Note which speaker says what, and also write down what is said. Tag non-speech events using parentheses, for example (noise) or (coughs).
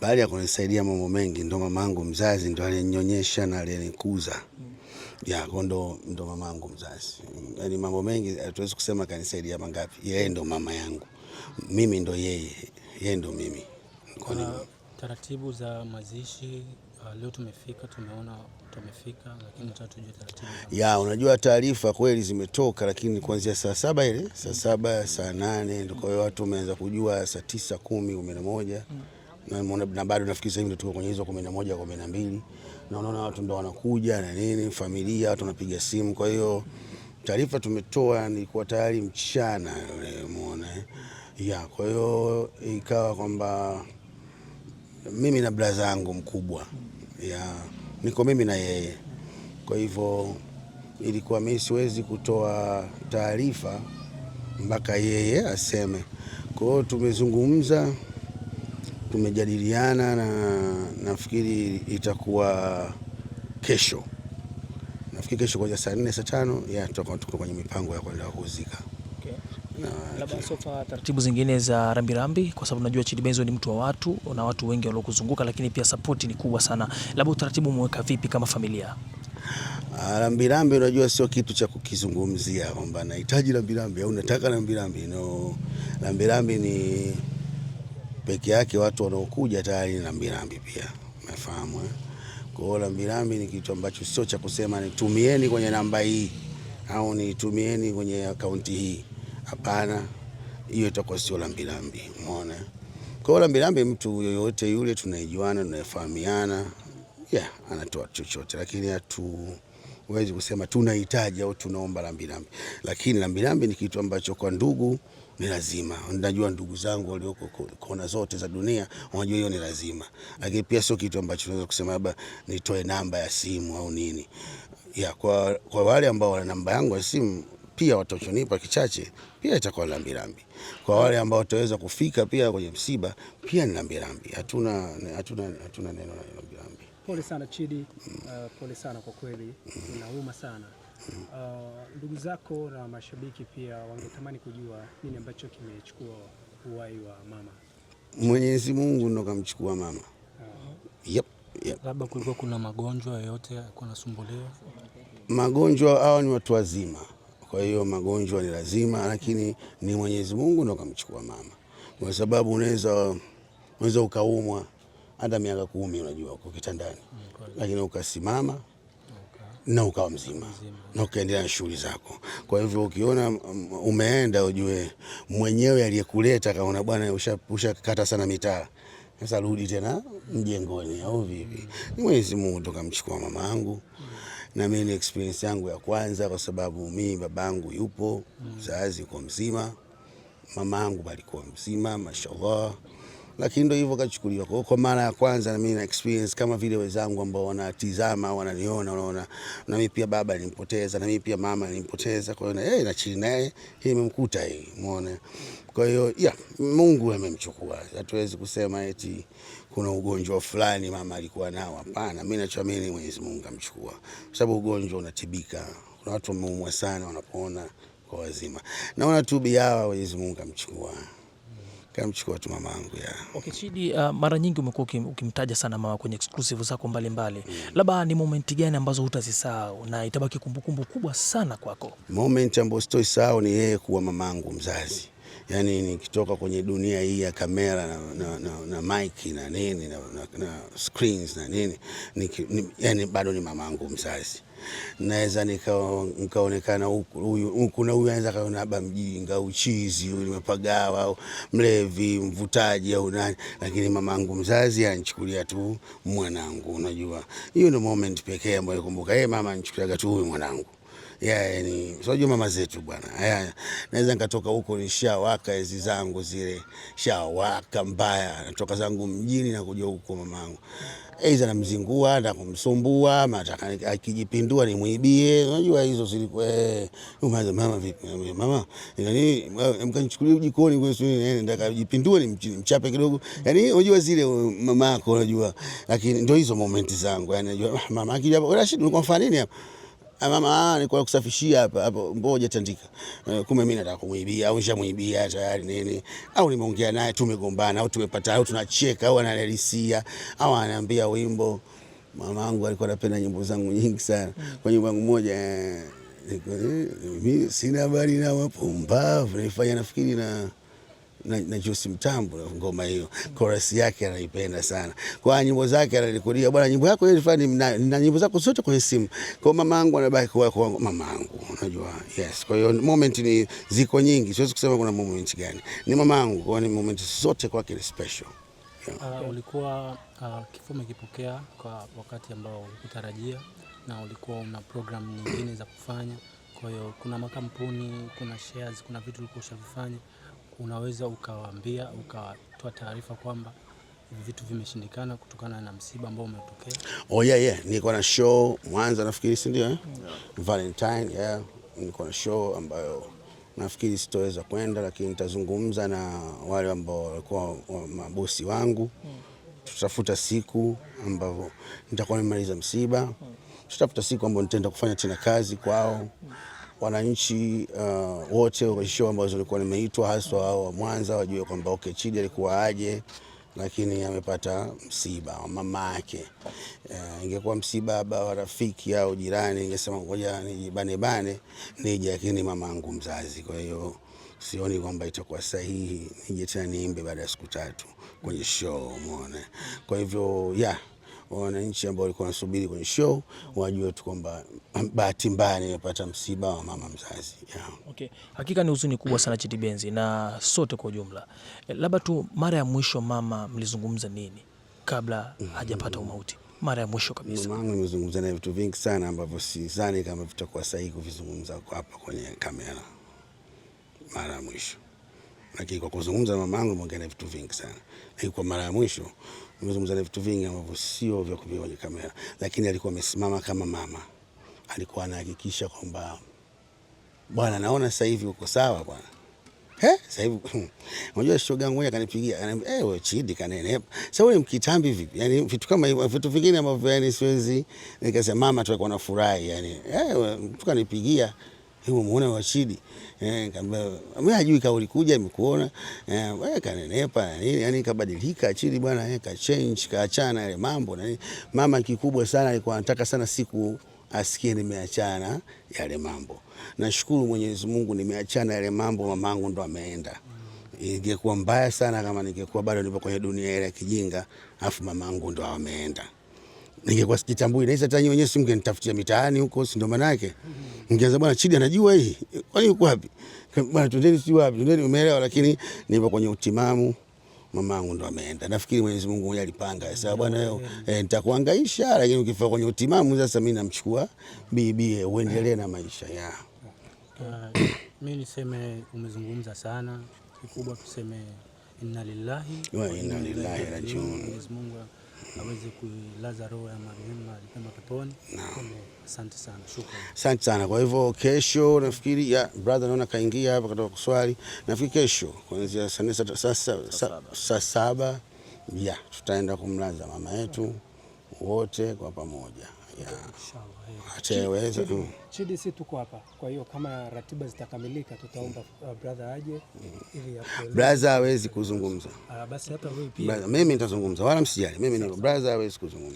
Speaker 1: mbali ya kunisaidia mambo mengi, ndo yangu mzazi ndo alinyonyesha na alinikuza ya kwa ndo mamangu mzazi. Yani mambo mengi hatuwezi kusema kanisaidia mangapi, yeye ndo mama yangu mimi, ndo yeye, yeye ndo mimi.
Speaker 2: Kwa taratibu za mazishi ah, leo tumefika, tumeona tumefika, lakini tujue taratibu
Speaker 1: ya, unajua taarifa kweli zimetoka, lakini kuanzia saa saba ile saa saba saa nane ndio kwa hiyo watu wameanza kujua saa tisa kumi kumi na moja mm na bado nafikiri sasa hivi ndio tuko kwenye hizo kumi na moja kumi na mbili na unaona watu ndio wanakuja na nini, familia watu wanapiga simu. Kwa hiyo taarifa tumetoa, nilikuwa tayari mchana yule, umeona ya. Kwa hiyo ikawa kwamba mimi na brother yangu mkubwa ya niko mimi na yeye, kwa hivyo ilikuwa mimi siwezi kutoa taarifa mpaka yeye aseme. Kwa hiyo tumezungumza tumejadiliana na nafikiri itakuwa kesho, nafikiri kesho kuanzia saa nne saa tano tutakuwa tuko kwenye mipango ya kwenda kuzika.
Speaker 2: Okay. Labda sofa taratibu zingine za rambirambi, kwa sababu najua Chidi Benzo ni mtu wa watu na watu wengi waliokuzunguka, lakini pia sapoti ni kubwa sana, labda utaratibu umeweka vipi kama familia?
Speaker 1: Ah, rambirambi unajua sio kitu cha kukizungumzia kwamba nahitaji rambirambi au nataka rambirambi, no, rambirambi ni peke yake watu wanaokuja tayari ni rambirambi pia, umefahamu eh? Kwa hiyo rambirambi ni kitu ambacho sio cha kusema nitumieni kwenye namba hii au nitumieni kwenye akaunti hii, hapana, hiyo itakuwa sio rambirambi, umeona. Kwa hiyo rambirambi, mtu yoyote yule tunaijuana tunafahamiana, yeah, anatoa chochote, lakini hatu huwezi kusema tunahitaji au tunaomba rambirambi, lakini rambirambi ni kitu ambacho kwa ndugu ni lazima. Najua ndugu zangu walioko kona zote za dunia wanajua hiyo ni lazima, lakini pia sio kitu ambacho naweza kusema labda nitoe namba ya simu au nini ya, kwa, kwa wale ambao wana namba yangu ya simu pia watachonipa kichache pia itakuwa rambirambi. Kwa wale ambao wataweza kufika pia kwenye msiba pia ni rambirambi. Hatuna, hatuna, hatuna neno la rambirambi.
Speaker 2: Pole sana Chidi, uh, pole sana kwa kweli, inauma sana. Uh, ndugu uh, zako na mashabiki pia wangetamani kujua nini ambacho kimechukua uhai wa mama.
Speaker 1: Mwenyezi Mungu ndo kamchukua mama. uh, yep, yep.
Speaker 2: Labda kulikuwa kuna magonjwa yoyote kunasumbuliwa?
Speaker 1: Magonjwa hawa ni watu wazima, kwa hiyo magonjwa ni lazima, lakini ni Mwenyezi Mungu ndo kamchukua mama, kwa sababu unaweza unaweza ukaumwa hata miaka kumi, unajua uko kitandani, mm, lakini ukasimama na ukawa mzima na ukaendelea na shughuli zako. Kwa hivyo ukiona mm, umeenda, ujue mwenyewe aliyekuleta kaona bwana, ushakata sana mitaa, sasa rudi tena mjengoni au vipi? Ni Mwenyezi Mungu toka mchukua mama yangu na mimi ni experience yangu ya kwanza, kwa sababu mimi babangu yupo mzazi, mm. uko mzima, mama yangu alikuwa mzima, mashallah lakini ndio hivyo kachukuliwa. Kwa hiyo kwa mara ya kwanza na mimi na experience kama vile wenzangu ambao wanatizama, wananiona, unaona, na mimi pia baba nilimpoteza, na mimi pia mama nilimpoteza. Kwa hiyo na yeye na chini naye hii imemkuta hii, umeona. Kwa hiyo yeah, Mungu amemchukua. Hatuwezi kusema eti kuna ugonjwa fulani mama alikuwa nao, hapana. Mimi nachoamini Mwenyezi Mungu amchukua, kwa sababu ugonjwa unatibika. Kuna watu wameumwa sana, wanapoona kwa wazima, naona tu biawa, Mwenyezi Mungu amchukua kamchukua tu mama yangu ya.
Speaker 2: Okay, Chidi, uh, mara nyingi umekuwa ukimtaja sana mama kwenye exclusive zako mbalimbali mm. Labda ni momenti gani ambazo hutazisahau na itabaki kumbukumbu kubwa sana kwako?
Speaker 1: Moment ambayo sitoi sahau ni yeye kuwa mama yangu mzazi yani nikitoka kwenye dunia hii ya kamera na, na, na, na mike na nini na, na, na screens na nini niki, ni, yani bado ni mamangu mzazi naweza nikaonekana huku na huyu anaweza kaona labda mjinga uchizi chizi au nimepagawa mlevi mvutaji au nani, lakini mamangu mzazi anachukulia tu mwanangu. Unajua, hiyo ndio moment pekee ambayo nakumbuka, yeye mama anichukuliaga tu huyu mwanangu yeah, yani unajua mama zetu bwana. Haya, naweza nikatoka huko nishawaka hizi zangu zile shawaka mbaya, natoka zangu mjini na kuja huko mamangu aidha namzingua na kumsumbua, mataka akijipindua nimwibie. Unajua hizo zilikuwa eh, mama vipi mama, yani eh, mkanichukulia jikoni kwa sababu eh, nataka kujipindua nimchape kidogo, yani unajua zile uh, mamako, unajua. Lakini ndio hizo momenti zangu, yani unajua ah, mama akija Rashid, ulikuwa mfanya nini hapa Ah, mama, ah, nilikuwa kusafishia hapa hapo, mboja tandika. Eh, kumbe mimi nataka kumuibia au nishamuibia tayari nini, au nimeongea naye tumegombana, au tumepata, au tunacheka, au ananelisia, au ananiambia wimbo. Mamangu alikuwa anapenda nyimbo zangu nyingi sana. Kwa nyimbo yangu moja eh, eh, mimi sina habari na wapumbavu, nilifanya nafikiri na na, na Jusi Mtambu ngoma hiyo Chorus yake anaipenda sana. Kwa nyimbo zake ananikulia, bwana nyimbo yako ile fulani na nyimbo zako zote kwenye simu. Kwa mamangu anabaki kwa kwa mamangu, unajua. Yes. Kwa hiyo moment ni ziko nyingi. Siwezi kusema kuna moment gani. Ni mamangu, kwa ni moment zote kwake ni special.
Speaker 2: Yeah. Uh, ulikuwa uh, kifo umekipokea kwa wakati ambao ulikutarajia na ulikuwa una program nyingine za kufanya. Kwa hiyo kuna makampuni, kuna shares, kuna vitu ulikuwa ushavifanya unaweza ukawaambia ukatoa taarifa kwamba vitu vimeshindikana kutokana na msiba ambao umetokea.
Speaker 1: Oh, yeah, yeah. Nilikuwa na show Mwanza nafikiri, si ndio? Eh? Yeah. Valentine, yeah. Nilikuwa na show ambayo nafikiri sitoweza kwenda, lakini nitazungumza na wale ambao walikuwa mabosi wangu. Hmm. Tutafuta siku ambapo nitakuwa nimemaliza msiba, hmm. tutafuta siku ambayo nitaenda kufanya tena kazi kwao. Hmm wananchi uh, wote show ambazo walikuwa nimeitwa haswa hao wa Mwanza wajue kwamba okay, Chidi alikuwa aje, lakini amepata msiba wa mama yake. Uh, ingekuwa msiba baba wa rafiki au jirani, ingesema ngoja nijibane bane nije, lakini mama yangu mzazi, kwa hiyo sioni kwamba itakuwa sahihi nije tena niimbe baada ya siku tatu kwenye show, umeona. Kwa hivyo yeah wananchi ambao walikuwa wanasubiri kwenye show wajue tu kwamba (clears throat) bahati mbaya nimepata msiba wa mama mzazi yeah.
Speaker 2: Okay. Hakika ni huzuni kubwa sana Chidi Benzi na sote kwa ujumla. Eh, labda tu mara ya mwisho mama mlizungumza nini kabla mm-hmm. hajapata umauti? Mara ya mwisho kabisa
Speaker 1: mama nimezungumza naye vitu vingi sana ambavyo sidhani kama vitakuwa sahihi kuvizungumza hapa kwenye kamera mara ya mwisho, lakini kwa kuzungumza na mamangu, mongea na vitu vingi sana, lakini kwa mara ya mwisho nimezungumza na vitu vingi ambavyo sio vya kuviweka kwenye kamera, lakini alikuwa amesimama kama mama, alikuwa anahakikisha kwamba bwana, naona sasa hivi uko sawa bwana. Eh, sasa hivi (laughs) unajua shoga yangu moja kanipigia, ananiambia eh, wewe Chidi kanene. Sasa wewe mkitambi vipi? Yaani vitu kama hivyo, vitu vingine ambavyo yani siwezi nikasema mama tu alikuwa anafurahi yani. Eh, mtu kanipigia hivyo muone Rashidi eh, kaambia mimi hajui kauli kuja imekuona eh, wewe kanenepa nini, yani kabadilika chini bwana eh, ka change kaachana ile mambo na nini. Mama kikubwa sana alikuwa anataka sana siku asikie nimeachana yale mambo. Nashukuru Mwenyezi Mungu nimeachana yale mambo, mamangu ndo ameenda. Ingekuwa mbaya sana kama ningekuwa bado nipo kwenye dunia ile ya kijinga, afu mamangu ndo ameenda ningekuwa sijitambui, na hata nyinyi wenyewe si mngenitafutia mitaani huko, si ndio? Maana yake ningeanza bwana Chidi anajua hii, kwani yuko wapi bwana, twendeni si wapi, twendeni, umeelewa? Lakini nipo kwenye utimamu mamangu ndo ameenda. Nafikiri Mwenyezi Mungu mwenyewe alipanga. Sasa bwana leo E, eh, nitakuangaisha, lakini ukifika kwenye utimamu sasa mimi namchukua bibi uendelee na maisha ya.
Speaker 2: Uh, (coughs) mimi niseme umezungumza sana. Kikubwa tuseme inna lillahi
Speaker 1: wa inna ilaihi rajiun.
Speaker 2: Mwenyezi Mungu aweze kulaza roho ya marehemu alipema peponi. Asante sana, shukrani.
Speaker 1: Asante sana. Kwa hivyo kesho nafikiri ya brother, naona kaingia hapa katoka kuswali. Nafikiri kesho kuanzia saa saba ya tutaenda kumlaza mama yetu wote kwa pamoja
Speaker 2: ataweza. Mm. Chidi, si tuko hapa, kwa hiyo kama ratiba zitakamilika, tutaomba mm. uh, brother aje
Speaker 1: ili aje. Brother hawezi kuzungumza,
Speaker 2: ah, basi hata wewe
Speaker 1: pia. Mimi nitazungumza, wala msijali, mimi brother hawezi kuzungumza.